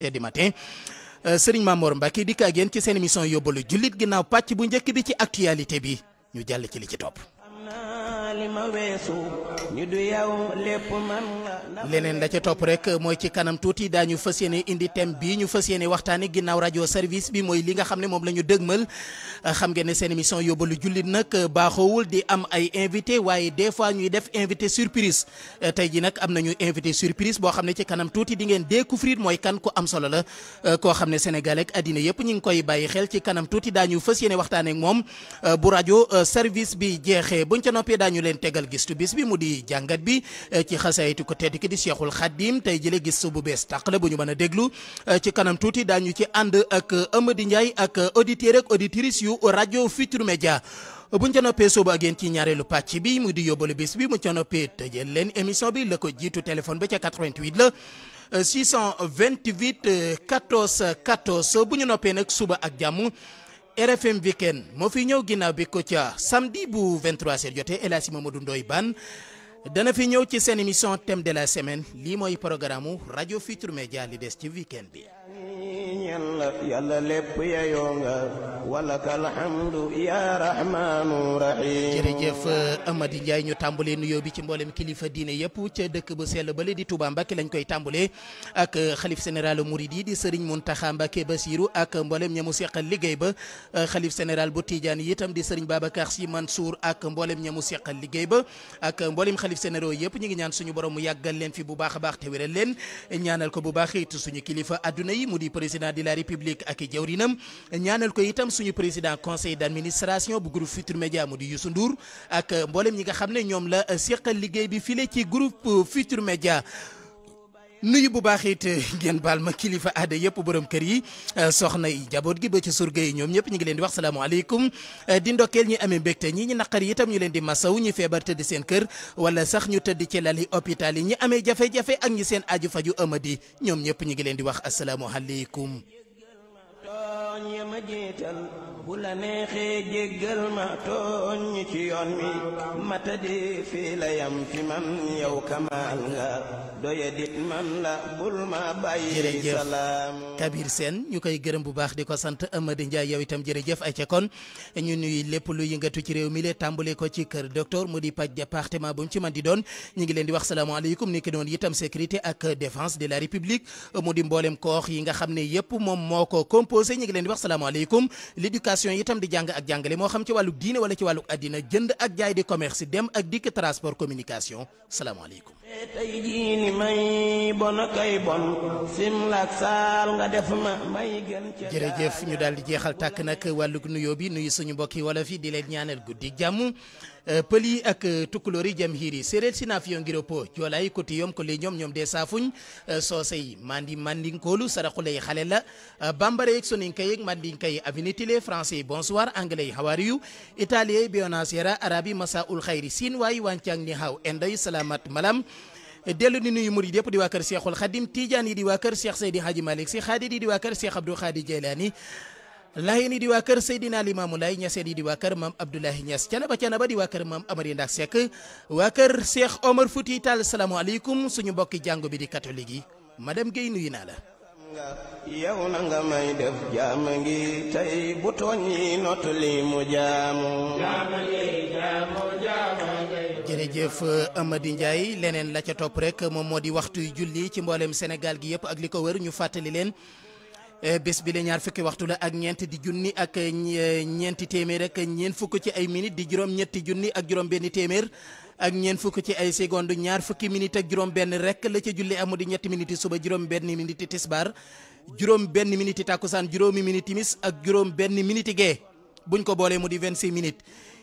du matin euh, Serigne Mamour Mbacke dikk ak yéen ci seen émission yóbbalu jullit ginnaaw pàcc bu njëkk bi ci actualité bi ñu jàll ci li ci topp. leneen la ca topp rek mooy ci kanam tuuti daañu fas yéene indi thème bii ñu fas yéene waxtaani ginnaaw rajo service bi mooy li nga xam ne moom la ñu dëgmal xam ngeen ne seen émission yóbbalu jullit nag baaxoowul di am ay invité waaye des fois ñuy def invité surprise tey ji nag am nañu invité surprise boo xam ne ci kanam tuuti di ngeen découvrir mooy kan ku am la koo xam ne Sénégal ak àddina yëpp ñu ngi koy bàyyi xel ci kanam tuuti daañu fas yéene waxtaanee ak moom bu rajo euh, service bi jeexee buñ ca noppee daañu leen tegal gistu bis bi mu di ci jàngat bi eh, ci xasaytu ko tedd ki di Cheikhul Khadim tey jële gis bu bees tàq la bu ñu mën a déglu eh, ci kanam tuuti ñu ci ànd ak Amady Ndiaye ak auditeurs ak auditrices yu rajo Futur Media bu ca noppee soobu ak ci ñaareelu pàcc bi mu di yóbbalu bis bi mu ca noppee tëjël leen émission bi la ko jiitu téléphone ba ca 88 la 628 14 14 bu ñu noppee nag suba ak jàmm RFM weekend moo fi ñëw ginnaaw bi ko ca samedi bu 23h jotee El Hadj Mamadou Ndoye dana fi ñëw ci seen émission thème de la semaine lii mooy programme rajo Futur Média li des ci weekend bi yàlla yàlla lépp yeyoo nga walaka alhamdu ya rahmaanu rahim jërëjëf Amady Ndiaye ñu tàmbalee nuyoo bi ci mboolem kilifa diine yëpp ca dëkk bu sell bale di Touba Mbacke lañ koy tàmbalee ak xalif général mu yi di Serigne Mountakha Mbacke Bassirou ak mboolem ñamu seqal liggéey ba xalif général bu Tidiane yi itam di Serigne Babacar Sy Mansour ak mboolem ñamu seqal liggéey ba ak mboolem xalif généraux yëpp ñu ngi ñaan suñu borom mu yàggal leen fi bu baax a baax te wéral leen ñaanal ko bu baax suñu kilifa adduna yi mu di président di la république ak i jawrinam ñaanal ko itam suñu président conseil d' administration bu groupe Futur Média mu di Youssou Ndour ak mboolem ñi nga xam ne ñoom la seqal liggéey bi file ci groupe Futur Média nuyu bu baax it ngeen baal ma kilifa aada yëpp borom kër yi soxna yi jaboot gi ba ci surga yi ñoom ñëpp ñu ngi leen di wax salaamaaleykum di ndokkeel ñi amee mbégte ñi ñi naqar yi itam ñu leen di masaw ñi feebar tëdd seen kër wala sax ñu tëdd ci lali hôpital yi ñi amee jafe ak ñi seen aju faju amadi ñoom ñëpp ñu ngi leen di wax asalaamaaleykum yema jéetal bu la neexee jéggal ma tooñ ci yoon wi matadi fii la yam fi man yow kamaal nga doye man la bul ma bàyyi jërëjëf salaam Kabir Sène ñu koy gërëm bu baax di ko sant Amady Ndiaye yow itam jërëjëf a ca kon ñu nuy lépp lu yëngatu ci réew mi lee tàmbale ko ci kër docteur mu di paj département bu mu ci man di doon ñu ngi leen di wax salaamaaleykum ni ki noonu itam sécurité ak défense de la république mu di mboolem koox yi nga xam ne yëpp moom moo ko composé ñu leen wax salaamaaleykum association itam di jàng ak jàngale moo xam ci wàllu diine wala ci wàllu àddina jënd ak jaay di commerce dem ak dikk transport communication salaamaaleykum. Eh, tey jii ni may bon kay bon simla ak saal nga def ma may gën ca ñu daal di jeexal tàkk nag wàllu nuyoo bi nuyu suñu mbokki wolof yi di leen ñaanal guddi jàmm. Euh, pël yi ak euh, tukkuloor yi jamhiir yi séeréer sinaaf yo ngiro po joolaa yi koti yom ko li ñoom ñoom dee saafuñ euh, soose mandi mandinkoolu saraxule yi xale la bambara yeeg soninka yeeg mandinka yi avinitile français yi bonsoir anglais yi hawaar yu italien yi bionasiera arabe yi masa ul xayri siin waayi wàncang ni haaw enda yi salaamat malam dellu ni nuyu murid yëpp di waa kër Seexul Xadim Tijaan yi di waa kër Seex Seydi Haaji Malik Si xaadir yi di waa kër Seex Abdou Xaadir Jeylaani laayeen yi di waa kër Seydina Limaamu Laay ñaseen yi di waa kër maam Abdoulahi Ñas canaba canaba di waa kër maam Amari Ndaak Seck waa kër Cheikh Omar Fouti Tall salaamaaleykum suñu mbokki jàngo bi di catholique yi dem Guèye nuyu naa la yow na nga may def jaam ngi tey bu tooñ yi mu jaamu jërëjëf Amady Ndiaye leneen la ca topp rek moom moo di waxtuy julli ci mboolem senegal gi yëpp ak li ko wër ñu fàttali leen Eh, bés bi la ñaar fukki waxtu la ak ñeent di junni ak ñeenti téeméer ak ñeent fukk ci ay minutes di juróom ñetti junni ak juróom benn téeméer ak ñeent fukk ci ay seconde ñaar fukki minutes ak juróom benn rek la ca julli amu di ñetti minutes suba juróom benn minute tisbaar juróom benn minute tàkkusaan juróomi minute timis ak juróom benn minute gee buñ ko boolee mu di 26 minutes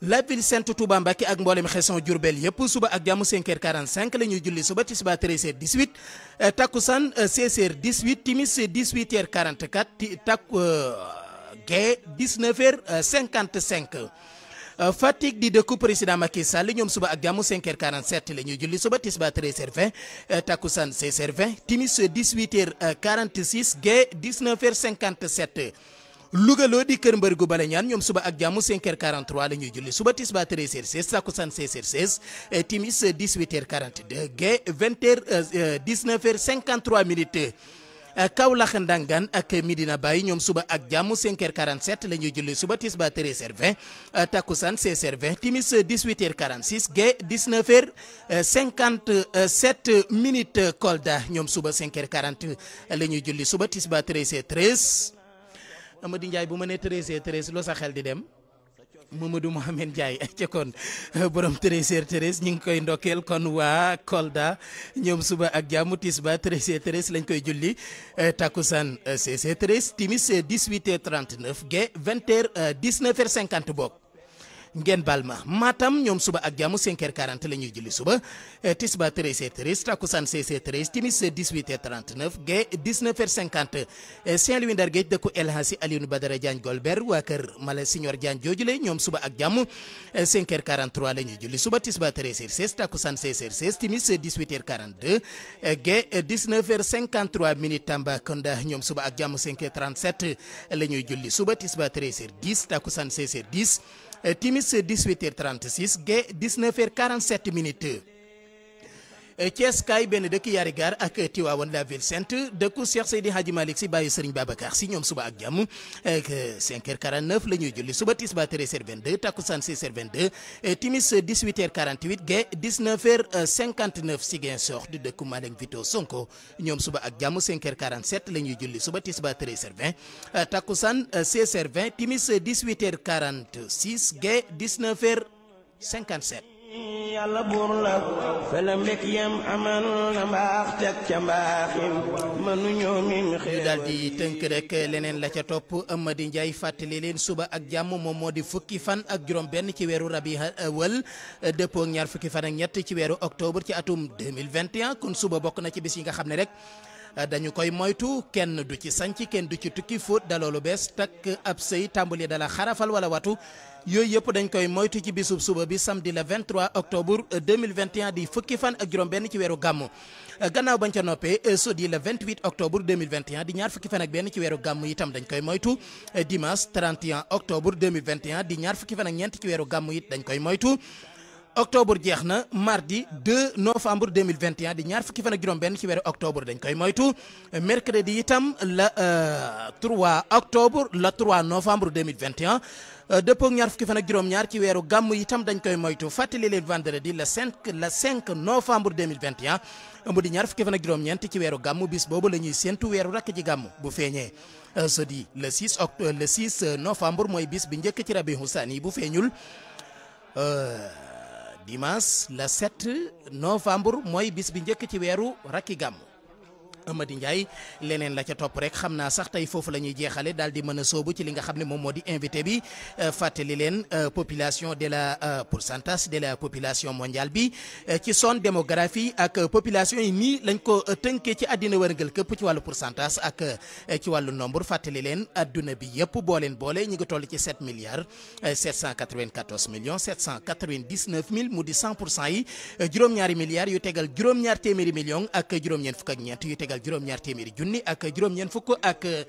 la ville sainte Touba Mbacké ak mboolem xeson Diourbel yëpp suba ak jàmm 5h45 la ñuy julli suba tisbaar 13h18 takkusaan 16h18 timis 18h44 euh, ti takku euh, gee 19h55. Euh, Fatick di dëkku président Macky Sall ñoom suba ak jàmm 5h47 la ñuy julli suba tisba 13h20 takkusaan 16h20 timis 18h46 gee 19h57. Louga loo di kër mbër gu bale ñaan ñoom suba ak jàmm 5h43 la ñuy julli suba tisbaar 13h16 takkusaan 16h16 timis 18h42 gée 20h 19h53 minutes. Kaolack Ndangan ak Medina Baye ñoom suba ak jàmm 5h47 la ñuy julli suba tisbaar 13h20 takkusaan 16h20 timis 18h46 gée 19h57 minutes Kolda ñoom suba 5h40 la ñuy julli suba tisbaar 13h13. Amady njaay bu ma nee treize treize loo sa xel di dem Mamadou Mohamed Ndiaye ca kon borom treize treize ñu ngi koy ndokkeel kon waa Kolda ñoom suba ak jàmm tisba treize treize lañ koy julli takkusaan seize treize timis eh, dix-huit heures trente-neuf ge vingt heures eh, dix-neuf heures cinquante bok ngeen baal ma Matam ñoom suba ak jàmm 5h40 la ñuy julli suba eh, Tisba 13h13 Takusaan 16h13 Timis 18h39 Gee 19h50 Saint-Louis Ndar Géej dëkku El Hadji Alioune Badara Diagne Golbert waa kër Mala Signor Diagne joojule ñoom suba ak jàmm 5h43 eh, la ñuy julli suba Tisba 13h16 Takusaan 16h16 Timis 18h42 Gee 19h53 minute Tambacounda ñoom suba ak jàmm 5h37 la ñuy julli suba Tisba 13h10 Takusaan 16h10. Euh, timis 18h36 ge 19h47 minutes Thiès kaay benn dëkk yaari gaar ak Tiwaawan la ville sainte dëkku Cheikh Seydi Hadji Malick si bàyyi Serigne Babacar si ñoom suba ak jàmm 5h49 euh, la ñuy julli suba tisbaar 13h22 takkusaan 16h22 timis 18h48 ge 19h59 euh, Ziguinchor di dëkku Malem Vito Sonko ñoom suba ak jàmm 5h47 la ñuy julli suba tisbaar 13h20 takkusaan 16h20 timis 18h46 ge 19h57. yàlla buur la fela mbég yam amal na mbaax teg ca mbaaxim mënu ñoo min xëy daal di tënk rek leneen la ca topp Amady Ndiaye fàttali leen suba ak jàmm moom moo di fukki fan ak juróom benn ci weeru rabi awal dëppoo ñaar fukki fan ak ñett ci weeru octobre ci atum 2021 kon suba bokk na ci bis yi nga xam ne rek dañu koy moytu kenn du ci sanc kenn du ci tukki foot daloo lu bees takk ab sëy tàmbali dala xarafal wala watu yooyu yëpp dañ koy moytu ci bisub suba bi samedi le 23 octobre 2021 di fukki fan ak juróom-benn ci weeru gàmmu gannaaw bañ ca noppee sodi euh, le 28 octobre 2021 di ñaar fukki fan ak benn ci weeru gàmmu itam dañ koy moytu euh, dimanche 31 octobre 2021 di ñaar fukki fan ak ñeent ci weeru gàmmu it dañ koy moytu. octobre jeex na mardi 2 novembre 2021 di ñaar fukki fan ak juróom-benn ci weeru octobre dañ koy moytu mercredi itam la 3 euh, octobre la 3 novembre 2021. Euh, dëppook ñaar fukki fan ak juróom-ñaar ki weeru gàmm itam dañ koy moytu fàttali leen vendredi le 5 le 5 novembre 2021 mu di ñaar fukki fan ak juróom-ñeent ci weeru gàmm bis boobu la ñuy séntu weeru rakk ci gàmm bu feeñee jeudi le 6 oct euh, le 6 novembre mooy bis bi njëkk ci rabihu sani bu feeñul. dimanche la 7 novembre mooy bis bi njëkk ci weeru rakki gàmmu ak Amady Ndiaye leneen la topp rek xam naa sax tey foofu la jeexale daal di mën a soobu ci li nga xam ne moom moo di invité bi euh, fàttali leen euh, population de la euh, pourcentage de la population mondiale bi ci zone démographie ak population yi nii lañ ko tënkee ci àddina wërngal këpp ci wàllu pourcentage ak ci wàllu nombre fàttali leen adduna bi yëpp boo leen boole ñu ngi toll ci 7 milliards mu di yi juróom-ñaari milliards yu tegal juróom-ñaar téeméeri juróom téeméeri junni ak juróom-ñeent fukk ak eh,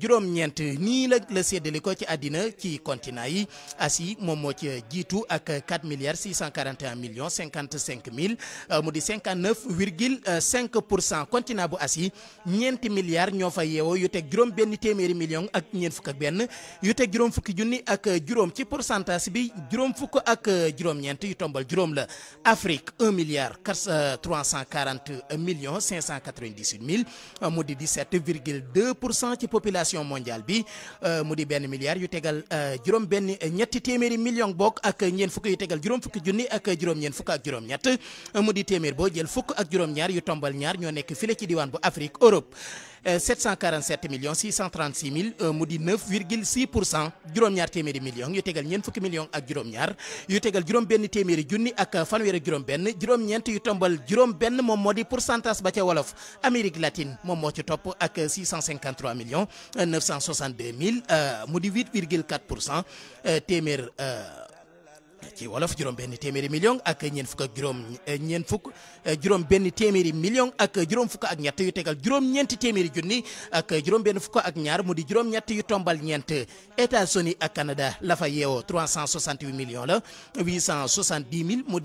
juróom-ñeent nii la la séddale ko ci àddina ci continent yi Asie moom moo ci jiitu ak 4 milliards 641 millions 55 mille eh, mu di 59 virgule 5 eh, pour cent continent bu Asie ñeenti milliards ñoo fa yeewoo yu teg juróom benn téeméeri million ak ñeent fukk benn yu teg juróom fukki junni ak juróom ci pourcentage bi juróom fukk ak juróom-ñeent yu tombal juróom la Afrique 1 milliard 340 millions 598 mille euh, mu di 17 virgule 2 pour cent ci population mondial bi euh, mu di benn milliard yu tegal euh, juróom benn ñetti téeméeri million bokk ak ñeen fukk yu tegal juróom fukki junni ak juróom-ñeent fukk ak juróom-ñett mu di téeméer boo jël fukk ak juróom-ñaar yu tombal ñaar ñoo nekk file ci diwaan bu Afrique Europe 747 euh, millions 636 mille euh, mu di 9 virgule 6 pour cent juróom-ñaar téeméeri millions yu tegal ñeent fukki millions ak juróom-ñaar yu tegal juróom-benn téeméeri junni ak fanweer ak juróom-benn juróom-ñeent yu tombal juróom-benn moom moo di pourcentage ba ca wolof Amérique latine moom moo ci topp ak 653 millions 962 euh, mille mu di 8 virgule 4 pour cent téeméer. ci wolof juróom benn téeméeri million ak ñeen fukk ak juróom eh, ñeen fukk eh, juróom benn téeméeri million ak juróom fukk ak ñett yu tegal juróom ñeenti téeméeri junni ak juróom benn fukk ak ñaar mu di juróom ñett yu tombal ñeent États-Unis ak Canada la fa yeewoo 368 millions la 870 000 mu